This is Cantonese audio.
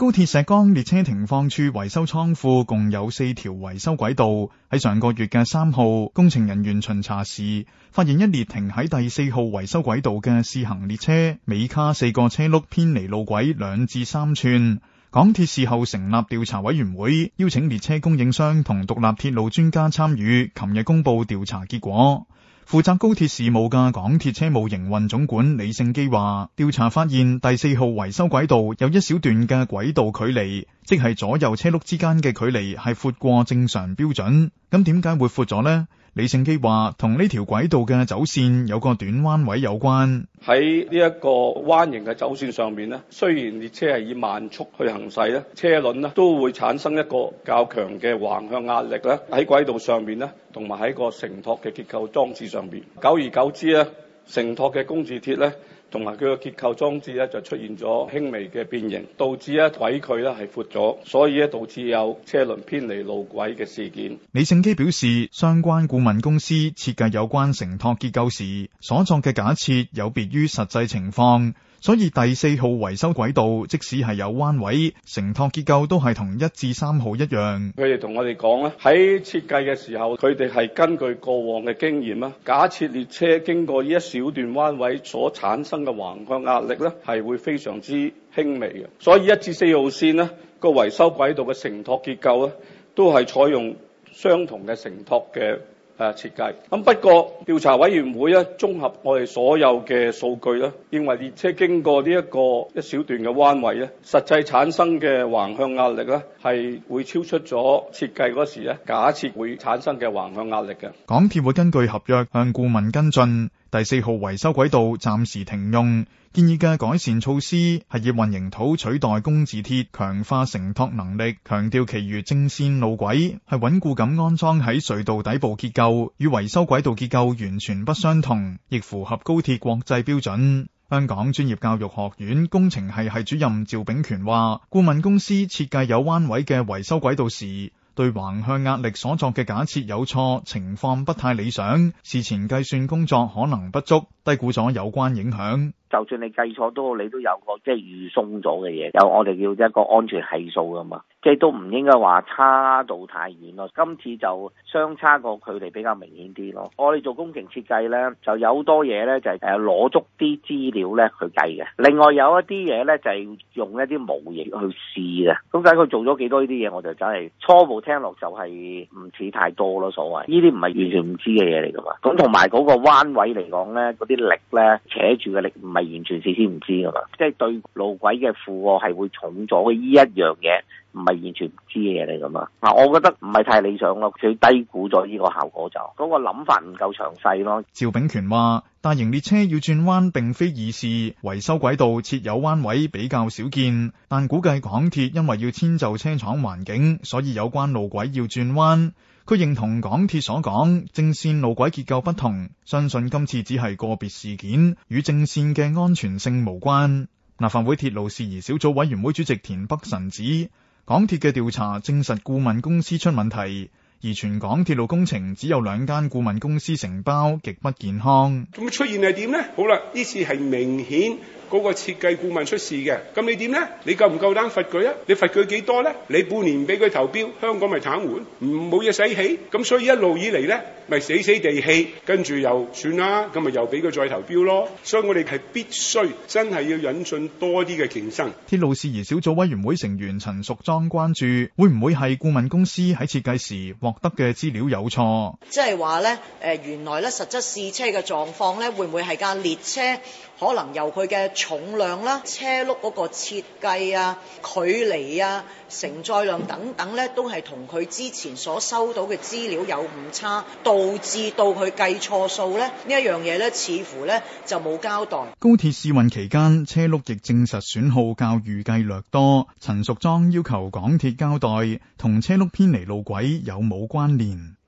高鐵石崗列車停放處維修倉庫共有四條維修軌道，喺上個月嘅三號，工程人員巡查時，發現一列停喺第四號維修軌道嘅試行列車尾卡四個車轆偏離路軌兩至三寸。港鐵事後成立調查委員會，邀請列車供應商同獨立鐵路專家參與，琴日公布調查結果。負責高鐵事務嘅港鐵車務營運總管李勝基話，調查發現第四號維修軌道有一小段嘅軌道距離，即係左右車轆之間嘅距離係闊過正常標準。咁點解會闊咗呢？李勝基話：同呢條軌道嘅走線有個短彎位有關。喺呢一個彎形嘅走線上面咧，雖然列車係以慢速去行駛咧，車輪咧都會產生一個較強嘅橫向壓力咧，喺軌道上面咧，同埋喺個承托嘅結構裝置上邊，久而久之咧，承托嘅工字鐵咧。同埋佢嘅結構裝置咧就出現咗輕微嘅變形，導致咧軌距咧係闊咗，所以咧導致有車輪偏離路軌嘅事件。李正基表示，相關顧問公司設計有關承托結構時所作嘅假設有別於實際情況。所以第四號維修軌道即使係有彎位，承托結構都係同一至三號一樣。佢哋同我哋講咧，喺設計嘅時候，佢哋係根據過往嘅經驗假設列車經過呢一小段彎位所產生嘅橫向壓力係會會非常之輕微嘅。所以一至四號線咧個維修軌道嘅承托結構都係採用相同嘅承托嘅。誒，設計咁。不過調查委員會咧，綜合我哋所有嘅數據咧，認為列車經過呢一個一小段嘅彎位咧，實際產生嘅橫向壓力咧，係會超出咗設計嗰時咧假設會產生嘅橫向壓力嘅。港鐵會根據合約向顧問跟進。第四號維修軌道暫時停用，建議嘅改善措施係以混凝土取代工字鐵，強化承托能力。強調其餘正綫路軌係穩固咁安裝喺隧道底部結構，與維修軌道結構完全不相同，亦符合高鐵國際標準。香港專業教育學院工程系系主任趙炳權話，顧問公司設計有彎位嘅維修軌道時。對橫向壓力所作嘅假設有錯，情況不太理想，事前計算工作可能不足。低估咗有關影響，就算你計錯都，你都有個即係預鬆咗嘅嘢。有我哋叫一個安全係數噶嘛，即係都唔應該話差到太遠咯。今次就相差個距離比較明顯啲咯。我哋做工程設計咧，就有多嘢咧，就係誒攞足啲資料咧去計嘅。另外有一啲嘢咧，就係用一啲模型去試嘅。咁但係佢做咗幾多呢啲嘢，我就真係初步聽落就係唔似太多咯。所謂呢啲唔係完全唔知嘅嘢嚟噶嘛。咁同埋嗰個彎位嚟講咧，啲。力咧扯住嘅力唔係完全事先唔知噶嘛，即係對路軌嘅負荷係會重咗嘅依一樣嘢。唔係完全唔知嘢嚟㗎嘛。嗱，我覺得唔係太理想咯，佢低估咗呢個效果就嗰、嗰個諗法唔夠詳細咯。趙炳權話：大型列車要轉彎並非易事，維修軌道設有彎位比較少見，但估計港鐵因為要遷就車廠環境，所以有關路軌要轉彎。佢認同港鐵所講，正線路軌結構不同，相信今次只係個別事件，與正線嘅安全性無關。立法會鐵路事宜小組委員會主席田北辰指。港鐵嘅調查證實顧問公司出問題。而全港鐵路工程只有兩間顧問公司承包，極不健康。咁出現係點呢？好啦，呢次係明顯嗰個設計顧問出事嘅。咁你點呢？你夠唔夠膽罰佢啊你罰佢幾多呢？你半年唔俾佢投標，香港咪癱瘓？唔冇嘢使起。咁所以一路以嚟呢，咪死死地氣，跟住又算啦。咁咪又俾佢再投標咯。所以我哋係必須真係要引進多啲嘅競爭。鐵路事宜小組委員會成員陳淑莊關注，會唔會係顧問公司喺設計時？獲得嘅資料有錯，即係話呢，誒，原來咧實質試車嘅狀況呢，會唔會係架列車可能由佢嘅重量啦、車轆嗰個設計啊、距離啊、承載量等等呢，都係同佢之前所收到嘅資料有誤差，導致到佢計錯數呢。呢一樣嘢呢，似乎呢就冇交代。高鐵試運期間，車轆亦證實損耗較預計略多。陳淑莊要求港鐵交代同車轆偏離路軌有冇冇關聯。